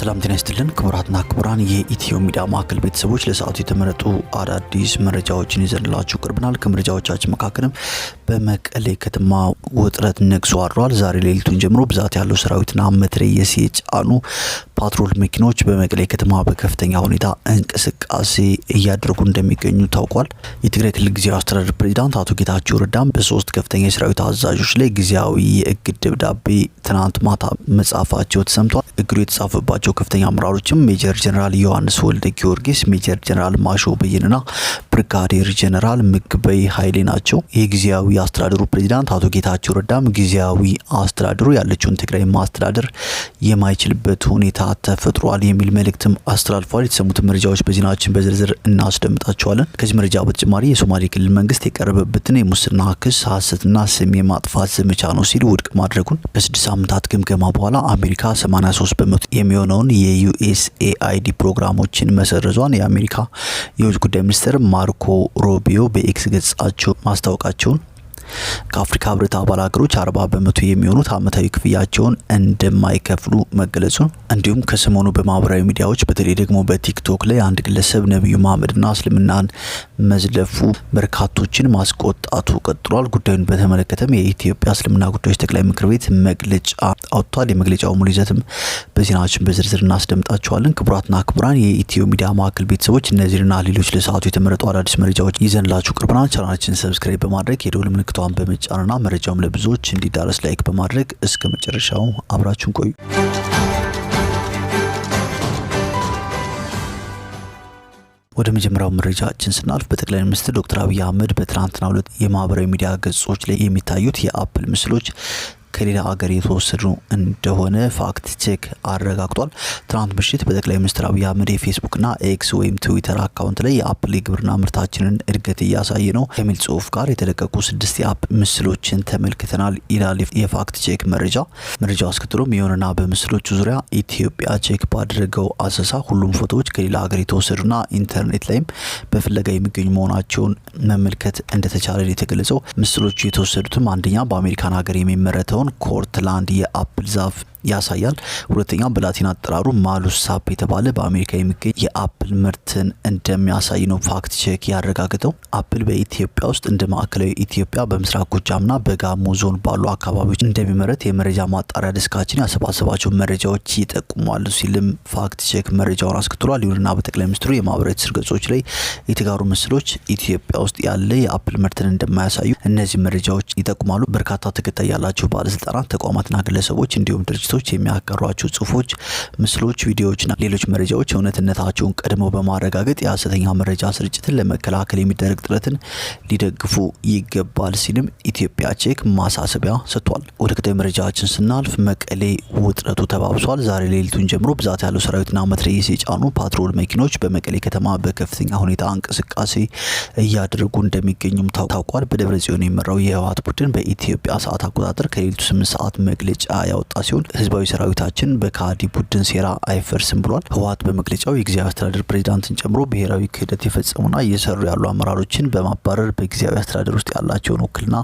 ሰላም ጤና ይስጥልን ክቡራትና ክቡራን የኢትዮ ሚዲያ ማዕከል ቤተሰቦች ለሰዓቱ የተመረጡ አዳዲስ መረጃዎችን ይዘንላችሁ ቅርብናል። ከመረጃዎቻችን መካከልም በመቀሌ ከተማ ውጥረት ነግሶ አድሯል። ዛሬ ሌሊቱን ጀምሮ ብዛት ያለው ሰራዊትና መትረየስ የጫኑ ፓትሮል መኪኖች በመቀሌ ከተማ በከፍተኛ ሁኔታ እንቅስቃሴ እያደረጉ እንደሚገኙ ታውቋል። የትግራይ ክልል ጊዜያዊ አስተዳደር ፕሬዚዳንት አቶ ጌታቸው ረዳም በሶስት ከፍተኛ የሰራዊት አዛዦች ላይ ጊዜያዊ የእግድ ደብዳቤ ትናንት ማታ መጻፋቸው ተሰምቷል። እግዱ የተጻፈባቸው ያላቸው ከፍተኛ አመራሮችም ሜጀር ጀነራል ዮሐንስ ወልደ ጊዮርጊስ፣ ሜጀር ጀነራል ማሾ በየንና ብርጋዴር ጀነራል ምግበይ ኃይሌ ናቸው። የጊዜያዊ አስተዳደሩ ፕሬዚዳንት አቶ ጌታቸው ረዳም ጊዜያዊ አስተዳደሩ ያለችውን ትግራይ ማስተዳደር የማይችልበት ሁኔታ ተፈጥሯል የሚል መልእክትም አስተላልፏል። የተሰሙት መረጃዎች በዜናችን በዝርዝር እናስደምጣቸዋለን። ከዚህ መረጃ በተጨማሪ የሶማሌ ክልል መንግስት የቀረበበትን የሙስና ክስ ሀሰትና ስም የማጥፋት ዘመቻ ነው ሲል ውድቅ ማድረጉን ከስድስት ሳምንታት ግምገማ በኋላ አሜሪካ 83 በመቶ የሚሆነው የሚሆን የዩኤስኤአይዲ ፕሮግራሞችን መሰረዟን የአሜሪካ የውጭ ጉዳይ ሚኒስትር ማርኮ ሮቢዮ በኤክስ ገጻቸው ማስታወቃቸውን ከአፍሪካ ህብረት አባል ሀገሮች አርባ በመቶ የሚሆኑት አመታዊ ክፍያቸውን እንደማይከፍሉ መገለጹን እንዲሁም ከሰሞኑ በማህበራዊ ሚዲያዎች በተለይ ደግሞ በቲክቶክ ላይ አንድ ግለሰብ ነቢዩ መሀመድና እስልምናን መዝለፉ በርካቶችን ማስቆጣቱ ቀጥሏል። ጉዳዩን በተመለከተም የኢትዮጵያ እስልምና ጉዳዮች ጠቅላይ ምክር ቤት መግለጫ አውጥቷል። የመግለጫው ሙሉ ይዘትም በዜናችን በዝርዝር እናስደምጣቸዋለን። ክቡራትና ክቡራን የኢትዮ ሚዲያ ማዕከል ቤተሰቦች እነዚህና ሌሎች ለሰዓቱ የተመረጡ አዳዲስ መረጃዎች ይዘንላችሁ ቅርብናል። ቻናላችን ሰብስክራይብ በማድረግ የደውል ምልክቷ ደውሏን በመጫንና መረጃውም ለብዙዎች እንዲዳረስ ላይክ በማድረግ እስከ መጨረሻው አብራችሁን ቆዩ። ወደ መጀመሪያው መረጃችን ስናልፍ በጠቅላይ ሚኒስትር ዶክተር አብይ አህመድ በትናንትናው ዕለት የማህበራዊ ሚዲያ ገጾች ላይ የሚታዩት የአፕል ምስሎች ከሌላ አገር የተወሰዱ እንደሆነ ፋክት ቼክ አረጋግጧል። ትናንት ምሽት በጠቅላይ ሚኒስትር አብይ አህመድ የፌስቡክና ኤክስ ወይም ትዊተር አካውንት ላይ የአፕል የግብርና ምርታችንን እድገት እያሳየ ነው ከሚል ጽሁፍ ጋር የተለቀቁ ስድስት የአፕ ምስሎችን ተመልክተናል ይላል የፋክት ቼክ መረጃ። መረጃው አስከትሎም የሆነና በምስሎቹ ዙሪያ ኢትዮጵያ ቼክ ባደረገው አሰሳ ሁሉም ፎቶዎች ከሌላ ሀገር የተወሰዱና ኢንተርኔት ላይም በፍለጋ የሚገኙ መሆናቸውን መመልከት እንደተቻለ የተገለጸው ምስሎቹ የተወሰዱትም አንደኛ በአሜሪካን ሀገር የሚመረተው ጆን ኮርትላንድ የአፕል ዛፍ ያሳያል። ሁለተኛው በላቲን አጠራሩ ማሉስ አፕ የተባለ በአሜሪካ የሚገኝ የአፕል ምርትን እንደሚያሳይ ነው ፋክት ቼክ ያረጋግጠው። አፕል በኢትዮጵያ ውስጥ እንደ ማዕከላዊ ኢትዮጵያ በምስራቅ ጎጃምና በጋሞ ዞን ባሉ አካባቢዎች እንደሚመረት የመረጃ ማጣሪያ ዲስካችን ያሰባሰባቸው መረጃዎች ይጠቁማሉ ሲልም ፋክት ቼክ መረጃውን አስከትሏል። ይሁንና በጠቅላይ ሚኒስትሩ የማህበራዊ ስር ገጾች ላይ የተጋሩ ምስሎች ኢትዮጵያ ውስጥ ያለ የአፕል ምርትን እንደማያሳዩ እነዚህ መረጃዎች ይጠቁማሉ። በርካታ ተከታይ ያላቸው ባለስልጣናት፣ ተቋማትና ግለሰቦች እንዲሁም ድርጅት አርቲስቶች የሚያቀሯቸው ጽሁፎች፣ ምስሎች፣ ቪዲዮዎችና ሌሎች መረጃዎች እውነትነታቸውን ቀድሞ በማረጋገጥ የሀሰተኛ መረጃ ስርጭትን ለመከላከል የሚደረግ ጥረትን ሊደግፉ ይገባል ሲልም ኢትዮጵያ ቼክ ማሳሰቢያ ሰጥቷል። ወደ ቀጣዩ መረጃችን ስናልፍ መቀሌ ውጥረቱ ተባብሷል። ዛሬ ሌሊቱን ጀምሮ ብዛት ያለው ሰራዊትና መትረየስ የጫኑ ፓትሮል መኪኖች በመቀሌ ከተማ በከፍተኛ ሁኔታ እንቅስቃሴ እያደረጉ እንደሚገኙም ታውቋል። በደብረ ጽዮን የመራው የህወሀት ቡድን በኢትዮጵያ ሰዓት አቆጣጠር ከሌሊቱ ስምንት ሰዓት መግለጫ ያወጣ ሲሆን ህዝባዊ ሰራዊታችን በካሃዲ ቡድን ሴራ አይፈርስም ብሏል። ህወሀት በመግለጫው የጊዜያዊ አስተዳደር ፕሬዚዳንትን ጨምሮ ብሔራዊ ክህደት የፈጸሙና እየሰሩ ያሉ አመራሮችን በማባረር በጊዜያዊ አስተዳደር ውስጥ ያላቸውን ውክልና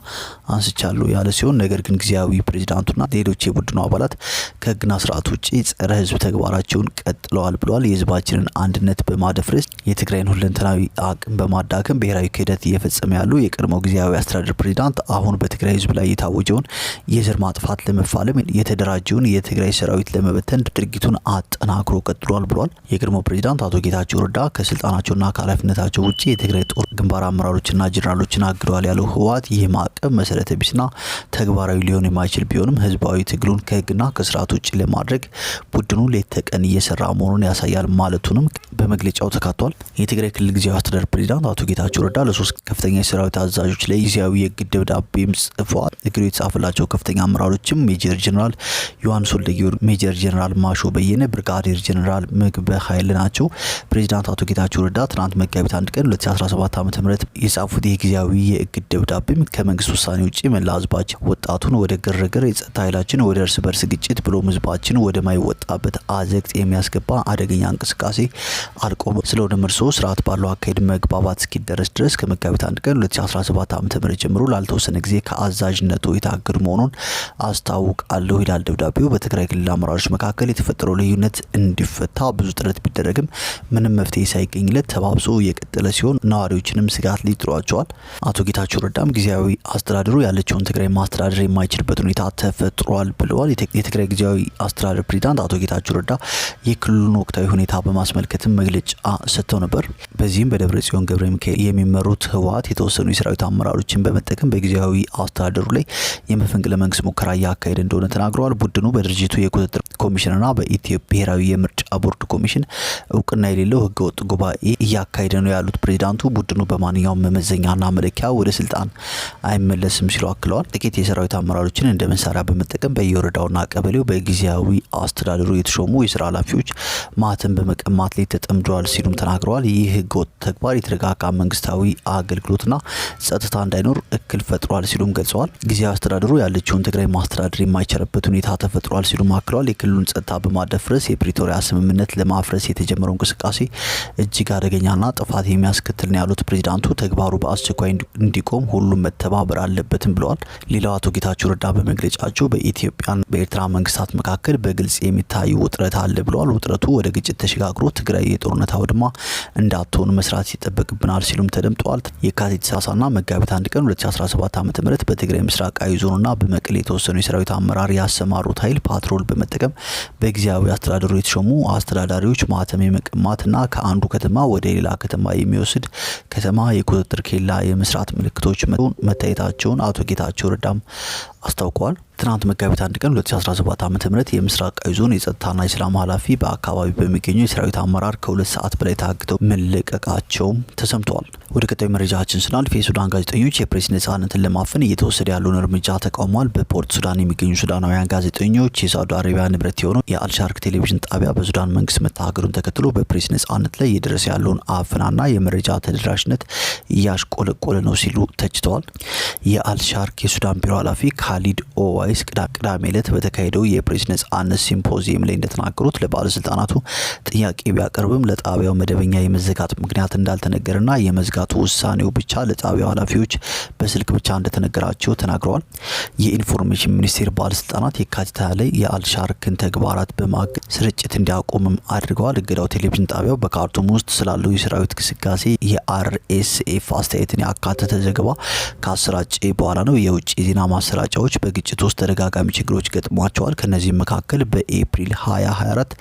አንስቻለሁ ያለ ሲሆን ነገር ግን ጊዜያዊ ፕሬዚዳንቱና ሌሎች የቡድኑ አባላት ከህግና ስርዓት ውጭ ጸረ ህዝብ ተግባራቸውን ቀጥለዋል ብለዋል። የህዝባችንን አንድነት በማደፍረስ የትግራይን ሁለንተናዊ አቅም በማዳከም ብሔራዊ ክህደት እየፈጸመ ያሉ የቀድሞ ጊዜያዊ አስተዳደር ፕሬዚዳንት አሁን በትግራይ ህዝብ ላይ የታወጀውን የዘር ማጥፋት ለመፋለም የተደራጀውን የነበረውን የትግራይ ሰራዊት ለመበተን ድርጊቱን አጠናክሮ ቀጥሏል ብሏል። የቀድሞ ፕሬዚዳንት አቶ ጌታቸው ረዳ ከስልጣናቸውና ከኃላፊነታቸው ውጭ የትግራይ ጦር ግንባር አመራሮችና ጀኔራሎችን አግደዋል ያለው ህወሓት ይህ ማዕቀብ መሰረተ ቢስና ተግባራዊ ሊሆን የማይችል ቢሆንም ህዝባዊ ትግሉን ከህግና ከስርዓት ውጭ ለማድረግ ቡድኑ ሌት ተቀን እየሰራ መሆኑን ያሳያል ማለቱንም በመግለጫው ተካቷል። የትግራይ ክልል ጊዜያዊ አስተዳደር ፕሬዚዳንት አቶ ጌታቸው ረዳ ለሶስት ከፍተኛ የሰራዊት አዛዦች ላይ ጊዜያዊ የግድብ ዳቤም ጽፏል። እግሩ የተጻፈላቸው ከፍተኛ አመራሮችም ሜጀር ጀኔራል የፋኖስ ወልደ ሜጀር ጀነራል ማሾ በየነ፣ ብርጋዴር ጀነራል ምግበ ኃይል ናቸው። ፕሬዚዳንት አቶ ጌታቸው ረዳ ትናንት መጋቢት አንድ ቀን 2017 ዓ ም የጻፉት የጊዜያዊ የእግድ ደብዳቤም ከመንግስት ውሳኔ ውጭ መላ ህዝባችን ወጣቱን ወደ ግርግር፣ የጸጥታ ኃይላችን ወደ እርስ በርስ ግጭት ብሎም ህዝባችን ወደማይወጣበት አዘቅት የሚያስገባ አደገኛ እንቅስቃሴ አልቆመ ስለሆነ ምርሶ ስርዓት ባለው አካሄድ መግባባት እስኪደረስ ድረስ ከመጋቢት አንድ ቀን 2017 ዓ ም ጀምሮ ላልተወሰነ ጊዜ ከአዛዥነቱ የታገዱ መሆኑን አስታውቃለሁ ይላል ደብዳቤው። በትግራይ ክልል አመራሮች መካከል የተፈጠረው ልዩነት እንዲፈታ ብዙ ጥረት ቢደረግም ምንም መፍትሄ ሳይገኝለት ተባብሶ የቀጠለ ሲሆን ነዋሪዎችንም ስጋት ሊጥሯቸዋል። አቶ ጌታቸው ረዳም ጊዜያዊ አስተዳደሩ ያለችውን ትግራይ ማስተዳደር የማይችልበት ሁኔታ ተፈጥሯል ብለዋል። የትግራይ ጊዜያዊ አስተዳደር ፕሬዚዳንት አቶ ጌታቸው ረዳ የክልሉን ወቅታዊ ሁኔታ በማስመልከትም መግለጫ ሰጥተው ነበር። በዚህም በደብረ ጽዮን ገብረ ሚካኤል የሚመሩት ህወሓት የተወሰኑ የሰራዊት አመራሮችን በመጠቀም በጊዜያዊ አስተዳደሩ ላይ የመፈንቅለ መንግስት ሙከራ እያካሄደ እንደሆነ ተናግረዋል። ቡድኑ በድርጅቱ የቁጥጥር ኮሚሽንና በኢትዮ ብሔራዊ የምርጫ ቦርድ ኮሚሽን እውቅና የሌለው ህገወጥ ጉባኤ እያካሄደ ነው ያሉት ፕሬዚዳንቱ ቡድኑ በማንኛውም መመዘኛና መለኪያ ወደ ስልጣን አይመለስም ሲሉ አክለዋል። ጥቂት የሰራዊት አመራሮችን እንደ መሳሪያ በመጠቀም በየወረዳውና ቀበሌው በጊዜያዊ አስተዳደሩ የተሾሙ የስራ ኃላፊዎች ማህተም በመቀማት ላይ ተጠምደዋል ሲሉም ተናግረዋል። ይህ ህገወጥ ተግባር የተረጋጋ መንግስታዊ አገልግሎትና ጸጥታ እንዳይኖር እክል ፈጥሯል ሲሉም ገልጸዋል። ጊዜያዊ አስተዳደሩ ያለችውን ትግራይ ማስተዳደር የማይቻልበት ሁኔታ ተፈጥሯል። ተፈጥሯል ሲሉ ማክለዋል። የክልሉን ጸጥታ በማደፍረስ የፕሪቶሪያ ስምምነት ለማፍረስ የተጀመረው እንቅስቃሴ እጅግ አደገኛና ጥፋት የሚያስከትል ነው ያሉት ፕሬዚዳንቱ ተግባሩ በአስቸኳይ እንዲቆም ሁሉም መተባበር አለበትም ብለዋል። ሌላው አቶ ጌታቸው ረዳ በመግለጫቸው በኢትዮጵያና በኤርትራ መንግስታት መካከል በግልጽ የሚታይ ውጥረት አለ ብለዋል። ውጥረቱ ወደ ግጭት ተሸጋግሮ ትግራይ የጦርነት አውድማ እንዳትሆን መስራት ይጠበቅብናል ሲሉም ተደምጠዋል። የካቲት 30ና መጋቢት አንድ ቀን 2017 ዓ ም በትግራይ ምስራቃዊ ዞንና በመቀሌ የተወሰኑ የሰራዊት አመራር ያሰማሩት ኃይል በሚል ፓትሮል በመጠቀም በጊዜያዊ አስተዳደሩ የተሾሙ አስተዳዳሪዎች የመቀማት የመቀማትና ከአንዱ ከተማ ወደ ሌላ ከተማ የሚወስድ ከተማ የቁጥጥር ኬላ የመስራት ምልክቶች መታየታቸውን አቶ ጌታቸው ረዳም አስታውቀዋል። ትናንት መጋቢት አንድ ቀን 2017 ዓ ም የምስራቃዊ ዞን የጸጥታና የሰላም ኃላፊ በአካባቢ በሚገኙ የሰራዊት አመራር ከሁለት ሰዓት በላይ ታግተው መለቀቃቸውም ተሰምተዋል። ወደ ቀጣዩ መረጃችን ስናልፍ የሱዳን ጋዜጠኞች የፕሬስ ነጻነትን ለማፈን እየተወሰደ ያለውን እርምጃ ተቃውሟል። በፖርት ሱዳን የሚገኙ ሱዳናውያን ጋዜጠኞች የሳውዲ አረቢያ ንብረት የሆነው የአልሻርክ ቴሌቪዥን ጣቢያ በሱዳን መንግስት መታገዱን ተከትሎ በፕሬስ ነጻነት ላይ እየደረሰ ያለውን አፈናና የመረጃ ተደራሽነት እያሽቆለቆለ ነው ሲሉ ተችተዋል። የአልሻርክ የሱዳን ቢሮ ኃላፊ ካሊድ ኦዋ ቫይስ ቅዳሜ ዕለት በተካሄደው የፕሬስ ነጻነት ሲምፖዚየም ላይ እንደተናገሩት ለባለስልጣናቱ ጥያቄ ቢያቀርብም ለጣቢያው መደበኛ የመዘጋት ምክንያት እንዳልተነገረና የመዝጋቱ ውሳኔው ብቻ ለጣቢያው ኃላፊዎች በስልክ ብቻ እንደተነገራቸው ተናግረዋል። የኢንፎርሜሽን ሚኒስቴር ባለስልጣናት የካቲት ላይ የአልሻርክን ተግባራት በማገድ ስርጭት እንዲያቆምም አድርገዋል። እገዳው ቴሌቪዥን ጣቢያው በካርቱም ውስጥ ስላለው የሰራዊት ግስጋሴ የአርኤስኤፍ አስተያየትን ያካተተ ዘገባ ከአሰራጭ በኋላ ነው። የውጭ ዜና ማሰራጫዎች በግጭት ውስጥ ተደጋጋሚ ችግሮች ገጥሟቸዋል። ከነዚህም መካከል በኤፕሪል 2024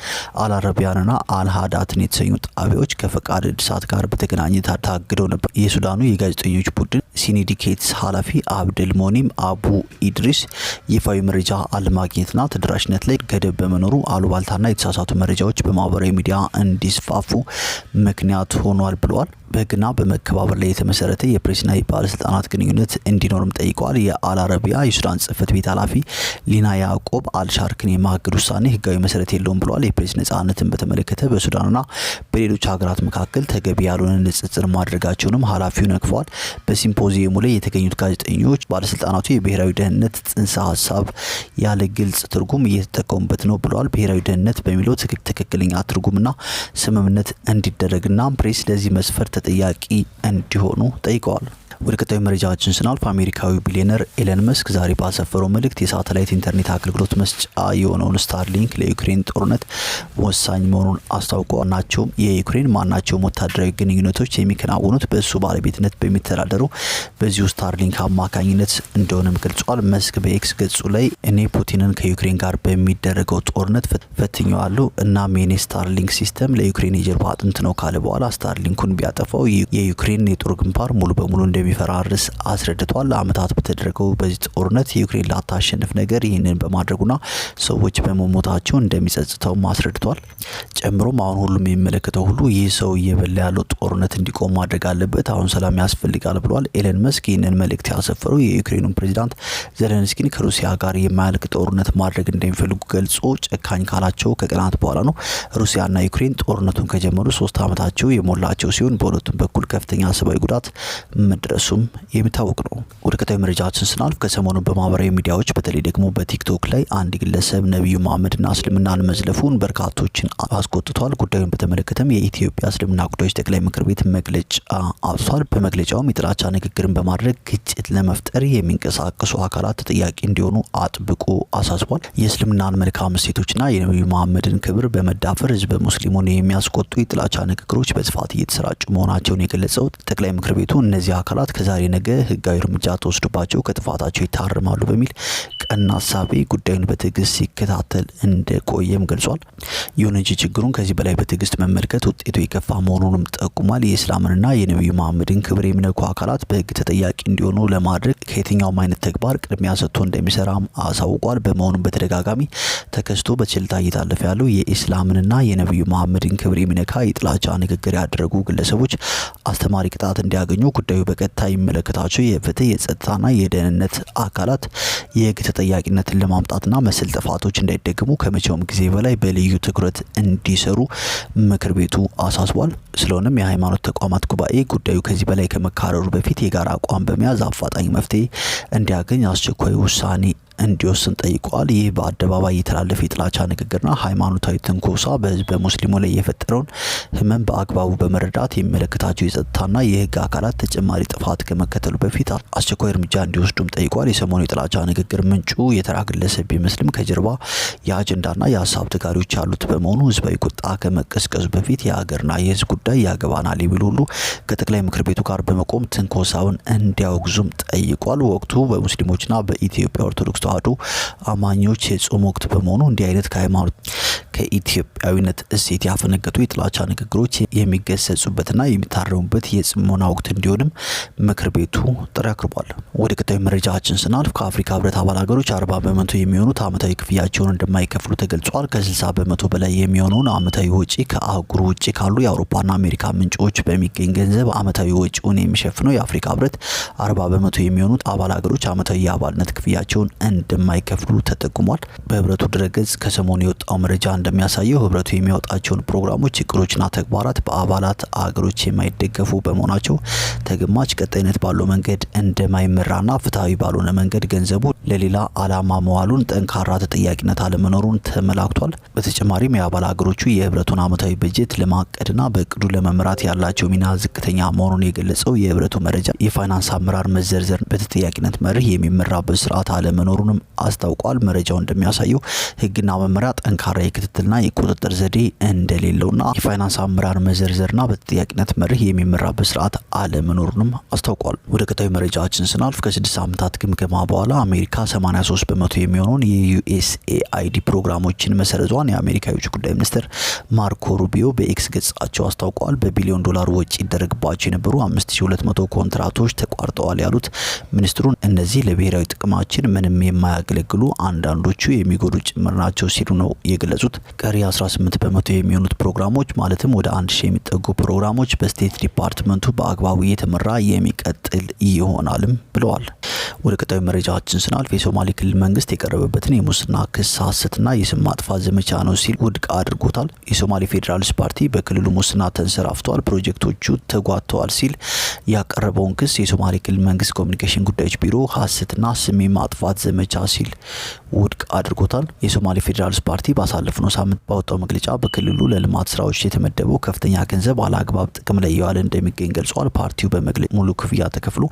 አልአረቢያንና አልሃዳትን የተሰኙ ጣቢያዎች ከፈቃድ እድሳት ጋር በተገናኘ ታግደው ነበር። የሱዳኑ የጋዜጠኞች ቡድን ሲኒዲኬትስ ኃላፊ አብድል ሞኒም አቡ ኢድሪስ ይፋዊ መረጃ አለማግኘትና ተደራሽነት ላይ ገደብ በመኖሩ አሉባልታና የተሳሳቱ መረጃዎች በማህበራዊ ሚዲያ እንዲስፋፉ ምክንያት ሆኗል ብለዋል። በህግና በመከባበር ላይ የተመሰረተ የፕሬስና የባለስልጣናት ግንኙነት እንዲኖርም ጠይቀዋል። የአልአረቢያ የሱዳን ጽህፈት ቤት ኃላፊ ሊና ያዕቆብ አልሻርክን የማገድ ውሳኔ ህጋዊ መሰረት የለውም ብለዋል። የፕሬስ ነጻነትን በተመለከተ በሱዳንና በሌሎች ሀገራት መካከል ተገቢ ያልሆነ ንጽጽር ማድረጋቸውንም ኃላፊው ነቅፈዋል። በሲምፖ ሲምፖዚየሙ ላይ የተገኙት ጋዜጠኞች ባለስልጣናቱ የብሔራዊ ደህንነት ጽንሰ ሀሳብ ያለ ግልጽ ትርጉም እየተጠቀሙበት ነው ብለዋል። ብሔራዊ ደህንነት በሚለው ትክክለኛ ትርጉምና ስምምነት እንዲደረግና ፕሬስ ለዚህ መስፈር ተጠያቂ እንዲሆኑ ጠይቀዋል። ወደ ቀጣዩ መረጃዎችን ስናልፍ አሜሪካዊ ቢሊዮነር ኤለን መስክ ዛሬ ባሰፈረው መልእክት የሳተላይት ኢንተርኔት አገልግሎት መስጫ የሆነውን ስታርሊንክ ለዩክሬን ጦርነት ወሳኝ መሆኑን አስታውቀ ናቸውም የዩክሬን ማናቸውም ወታደራዊ ግንኙነቶች የሚከናወኑት በእሱ ባለቤትነት በሚተዳደሩ በዚሁ ስታርሊንክ አማካኝነት እንደሆነም ገልጿል። መስክ በኤክስ ገጹ ላይ እኔ ፑቲንን ከዩክሬን ጋር በሚደረገው ጦርነት ፈትኘዋለሁ እና ሜኔ ስታርሊንክ ሲስተም ለዩክሬን የጀርባ አጥንት ነው ካለ በኋላ ስታርሊንኩን ቢያጠፋው የዩክሬን የጦር ግንባር ሙሉ በሙሉ እንደ እንደሚፈራ አስረድቷል። ለአመታት በተደረገው በዚህ ጦርነት ዩክሬን ላታሸንፍ ነገር ይህንን በማድረጉና ሰዎች በመሞታቸው እንደሚጸጽተውም አስረድቷል። ጨምሮም አሁን ሁሉም የሚመለከተው ሁሉ ይህ ሰው እየበላ ያለው ጦርነት እንዲቆም ማድረግ አለበት፣ አሁን ሰላም ያስፈልጋል ብሏል። ኤለን መስክ ይህንን መልእክት ያሰፈረው የዩክሬኑን ፕሬዚዳንት ዘለንስኪን ከሩሲያ ጋር የማያልቅ ጦርነት ማድረግ እንደሚፈልጉ ገልጾ ጨካኝ ካላቸው ከቀናት በኋላ ነው። ሩሲያና ዩክሬን ጦርነቱን ከጀመሩ ሶስት ዓመታቸው የሞላቸው ሲሆን በሁለቱም በኩል ከፍተኛ ሰብአዊ ጉዳት መድረስ ርዕሱም የሚታወቅ ነው። ወደ ቀጣዩ መረጃችን ስናልፍ ከሰሞኑ በማህበራዊ ሚዲያዎች በተለይ ደግሞ በቲክቶክ ላይ አንድ ግለሰብ ነቢዩ መሐመድና እስልምናን መዝለፉን በርካቶችን አስቆጥቷል። ጉዳዩን በተመለከተም የኢትዮጵያ እስልምና ጉዳዮች ጠቅላይ ምክር ቤት መግለጫ አውጥቷል። በመግለጫውም የጥላቻ ንግግርን በማድረግ ግጭት ለመፍጠር የሚንቀሳቀሱ አካላት ተጠያቂ እንዲሆኑ አጥብቆ አሳስቧል። የእስልምናን መልካም እሴቶችና የነቢዩ መሐመድን ክብር በመዳፈር ህዝበ ሙስሊሙን የሚያስቆጡ የጥላቻ ንግግሮች በስፋት እየተሰራጩ መሆናቸውን የገለጸው ጠቅላይ ምክር ቤቱ እነዚህ አካላት አካላት ከዛሬ ነገ ህጋዊ እርምጃ ተወስዶባቸው ከጥፋታቸው ይታርማሉ በሚል ቀና ሀሳቤ ጉዳዩን በትዕግስት ሲከታተል እንደቆየም ገልጿል። ይሁን እንጂ ችግሩን ከዚህ በላይ በትዕግስት መመልከት ውጤቱ የከፋ መሆኑንም ጠቁሟል። የእስላምንና የነቢዩ መሐመድን ክብር የሚነኩ አካላት በህግ ተጠያቂ እንዲሆኑ ለማድረግ ከየትኛውም አይነት ተግባር ቅድሚያ ሰጥቶ እንደሚሰራም አሳውቋል። በመሆኑም በተደጋጋሚ ተከስቶ በችልታ እየታለፈ ያለው የኢስላምንና የነቢዩ መሐመድን ክብር የሚነካ የጥላቻ ንግግር ያደረጉ ግለሰቦች አስተማሪ ቅጣት እንዲያገኙ ጉዳዩ በቀጥ በቀጥታ የሚመለከታቸው የፍትህ የጸጥታና የደህንነት አካላት የህግ ተጠያቂነትን ለማምጣትና መሰል ጥፋቶች እንዳይደግሙ ከመቼውም ጊዜ በላይ በልዩ ትኩረት እንዲሰሩ ምክር ቤቱ አሳስቧል። ስለሆነም የሃይማኖት ተቋማት ጉባኤ ጉዳዩ ከዚህ በላይ ከመካረሩ በፊት የጋራ አቋም በመያዝ አፋጣኝ መፍትሄ እንዲያገኝ አስቸኳይ ውሳኔ እንዲወስን ጠይቀዋል። ይህ በአደባባይ የተላለፈ የጥላቻ ንግግርና ሃይማኖታዊ ትንኮሳ በህዝብ ሙስሊሙ ላይ የፈጠረውን ህመም በአግባቡ በመረዳት የሚመለከታቸው የጸጥታና የህግ አካላት ተጨማሪ ጥፋት ከመከተሉ በፊት አስቸኳይ እርምጃ እንዲወስዱም ጠይቋል። የሰሞኑ የጥላቻ ንግግር ምንጩ የተራ ግለሰብ ቢመስልም ከጀርባ የአጀንዳና የሀሳብ ተጋሪዎች ያሉት በመሆኑ ህዝባዊ ቁጣ ከመቀስቀሱ በፊት የሀገርና የህዝብ ጉዳይ ያገባናል የሚሉ ሁሉ ከጠቅላይ ምክር ቤቱ ጋር በመቆም ትንኮሳውን እንዲያወግዙም ጠይቋል። ወቅቱ በሙስሊሞችና በኢትዮጵያ ኦርቶዶክስ ተዋሕዶ አማኞች የጾም ወቅት በመሆኑ እንዲህ አይነት ከሃይማኖት ከኢትዮጵያዊነት እሴት ያፈነገጡ የጥላቻ ንግግሮች የሚገሰጹበትና የሚታረሙበት የጽሞና ወቅት እንዲሆንም ምክር ቤቱ ጥሪ አቅርቧል። ወደ ቀጣዩ መረጃችን ስናልፍ ከአፍሪካ ህብረት አባል ሀገሮች አርባ በመቶ የሚሆኑት አመታዊ ክፍያቸውን እንደማይከፍሉ ተገልጿል። ከስልሳ በመቶ በላይ የሚሆነውን አመታዊ ወጪ ከአህጉሩ ውጭ ካሉ የአውሮፓና አሜሪካ ምንጮች በሚገኝ ገንዘብ አመታዊ ወጪውን የሚሸፍነው የአፍሪካ ህብረት አርባ በመቶ የሚሆኑት አባል ሀገሮች አመታዊ የአባልነት ክፍያቸውን እንደማይከፍሉ ተጠቁሟል። በህብረቱ ድረገጽ ከሰሞኑ የወጣው መረጃ እንደሚያሳየው ህብረቱ የሚያወጣቸውን ፕሮግራሞች፣ እቅዶችና ተግባራት በአባላት አገሮች የማይደገፉ በመሆናቸው ተገማች ቀጣይነት ባለው መንገድ እንደማይመራና ፍትሐዊ ባልሆነ መንገድ ገንዘቡ ለሌላ አላማ መዋሉን፣ ጠንካራ ተጠያቂነት አለመኖሩን ተመላክቷል። በተጨማሪም የአባል አገሮቹ የህብረቱን ዓመታዊ በጀት ለማቀድና በእቅዱ ለመምራት ያላቸው ሚና ዝቅተኛ መሆኑን የገለጸው የህብረቱ መረጃ የፋይናንስ አመራር መዘርዘር በተጠያቂነት መርህ የሚመራበት ስርዓት አለመኖሩንም አስታውቋል። መረጃው እንደሚያሳየው ህግና መመሪያ ጠንካራ የክትትል ክትትልና የቁጥጥር ዘዴ እንደሌለውና የፋይናንስ አመራር መዘርዘርና በተጠያቂነት መርህ የሚመራበት ስርዓት አለመኖሩንም አስታውቋል። ወደ ቀጣዩ መረጃዎችን ስናልፍ ከስድስት ዓመታት ግምገማ በኋላ አሜሪካ 83 በመቶ የሚሆነውን የዩኤስኤአይዲ ፕሮግራሞችን መሰረዟን የአሜሪካ የውጭ ጉዳይ ሚኒስትር ማርኮ ሩቢዮ በኤክስ ገጻቸው አስታውቋል። በቢሊዮን ዶላር ወጪ ይደረግባቸው የነበሩ 5200 ኮንትራቶች ተቋርጠዋል ያሉት ሚኒስትሩን እነዚህ ለብሔራዊ ጥቅማችን ምንም የማያገለግሉ አንዳንዶቹ የሚጎዱ ጭምር ናቸው ሲሉ ነው የገለጹት። ቀሪ 18 በመቶ የሚሆኑት ፕሮግራሞች ማለትም ወደ አንድ ሺህ የሚጠጉ ፕሮግራሞች በስቴት ዲፓርትመንቱ በአግባቡ እየተመራ የሚቀጥል ይሆናልም ብለዋል። ወደ ቀጣዩ መረጃዎችን ስናልፍ የሶማሌ ክልል መንግስት የቀረበበትን የሙስና ክስ ሀሰትና የስም ማጥፋት ዘመቻ ነው ሲል ውድቅ አድርጎታል። የሶማሌ ፌዴራሊስት ፓርቲ በክልሉ ሙስና ተንሰራፍተዋል፣ ፕሮጀክቶቹ ተጓተዋል ሲል ያቀረበውን ክስ የሶማሌ ክልል መንግስት ኮሚኒኬሽን ጉዳዮች ቢሮ ሀሰትና ስም ማጥፋት ዘመቻ ሲል ውድቅ አድርጎታል። የሶማሌ ፌዴራሊስት ፓርቲ ባሳለፍነው ሳምንት ባወጣው መግለጫ በክልሉ ለልማት ስራዎች የተመደበው ከፍተኛ ገንዘብ አላግባብ ጥቅም ላይ እየዋለ እንደሚገኝ ገልጿል። ፓርቲው በመግለጫ ሙሉ ክፍያ ተከፍሎ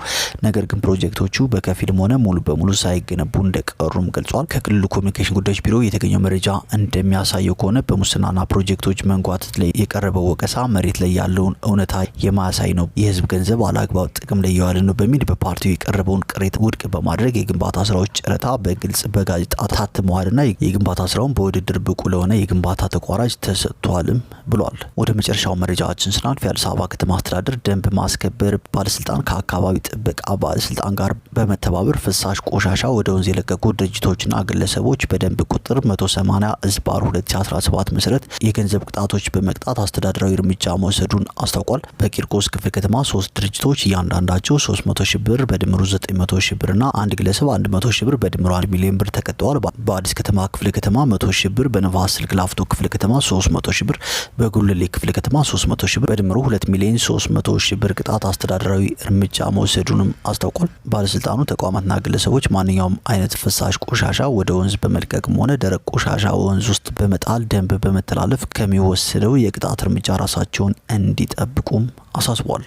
ነገር ግን ፕሮጀክቶቹ በከፊልም ሆነ ሙሉ በሙሉ ሳይገነቡ እንደቀሩም ገልጿል። ከክልሉ ኮሚኒኬሽን ጉዳዮች ቢሮ የተገኘው መረጃ እንደሚያሳየው ከሆነ በሙስናና ፕሮጀክቶች መንጓተት ላይ የቀረበው ወቀሳ መሬት ላይ ያለውን እውነታ የማያሳይ ነው፣ የህዝብ ገንዘብ አላግባብ ጥቅም ላይ የዋለ ነው በሚል በፓርቲው የቀረበውን ቅሬት ውድቅ በማድረግ የግንባታ ስራዎች ጨረታ በግልጽ በጋዜጣ ታትመዋልና የግንባታ ስራውን በውድድር ብቁ ለሆነ የግንባታ ተቋራጭ ተሰጥቷልም ብሏል። ወደ መጨረሻው መረጃዎችን ስናልፍ የአዲስ አበባ ከተማ አስተዳደር ደንብ ማስከበር ባለስልጣን ከአካባቢ ጥበቃ ባለስልጣን ጋር በመ በመተባበር ፍሳሽ ቆሻሻ ወደ ወንዝ የለቀቁ ድርጅቶችና ግለሰቦች በደንብ ቁጥር 180 ዝባር 2017 መሰረት የገንዘብ ቅጣቶች በመቅጣት አስተዳደራዊ እርምጃ መውሰዱን አስታውቋል። በቂርቆስ ክፍለ ከተማ ሶስት ድርጅቶች እያንዳንዳቸው 300 ሺ ብር በድምሩ 900 ሺ ብርና አንድ ግለሰብ 100 ሺ ብር በድምሩ 1 ሚሊዮን ብር ተቀጥተዋል። በአዲስ ከተማ ክፍለ ከተማ 100 ሺ ብር፣ በነፋስ ስልክ ላፍቶ ክፍለ ከተማ 300 ሺ ብር፣ በጉልሌ ክፍለ ከተማ 300 ሺ ብር በድምሩ 2 ሚሊዮን 300 ሺ ብር ቅጣት አስተዳደራዊ እርምጃ መውሰዱንም አስታውቋል። ባለስልጣኑ ተቋማትና ግለሰቦች ማንኛውም አይነት ፍሳሽ ቆሻሻ ወደ ወንዝ በመልቀቅም ሆነ ደረቅ ቆሻሻ ወንዝ ውስጥ በመጣል ደንብ በመተላለፍ ከሚወሰደው የቅጣት እርምጃ ራሳቸውን እንዲጠብቁም አሳስቧል።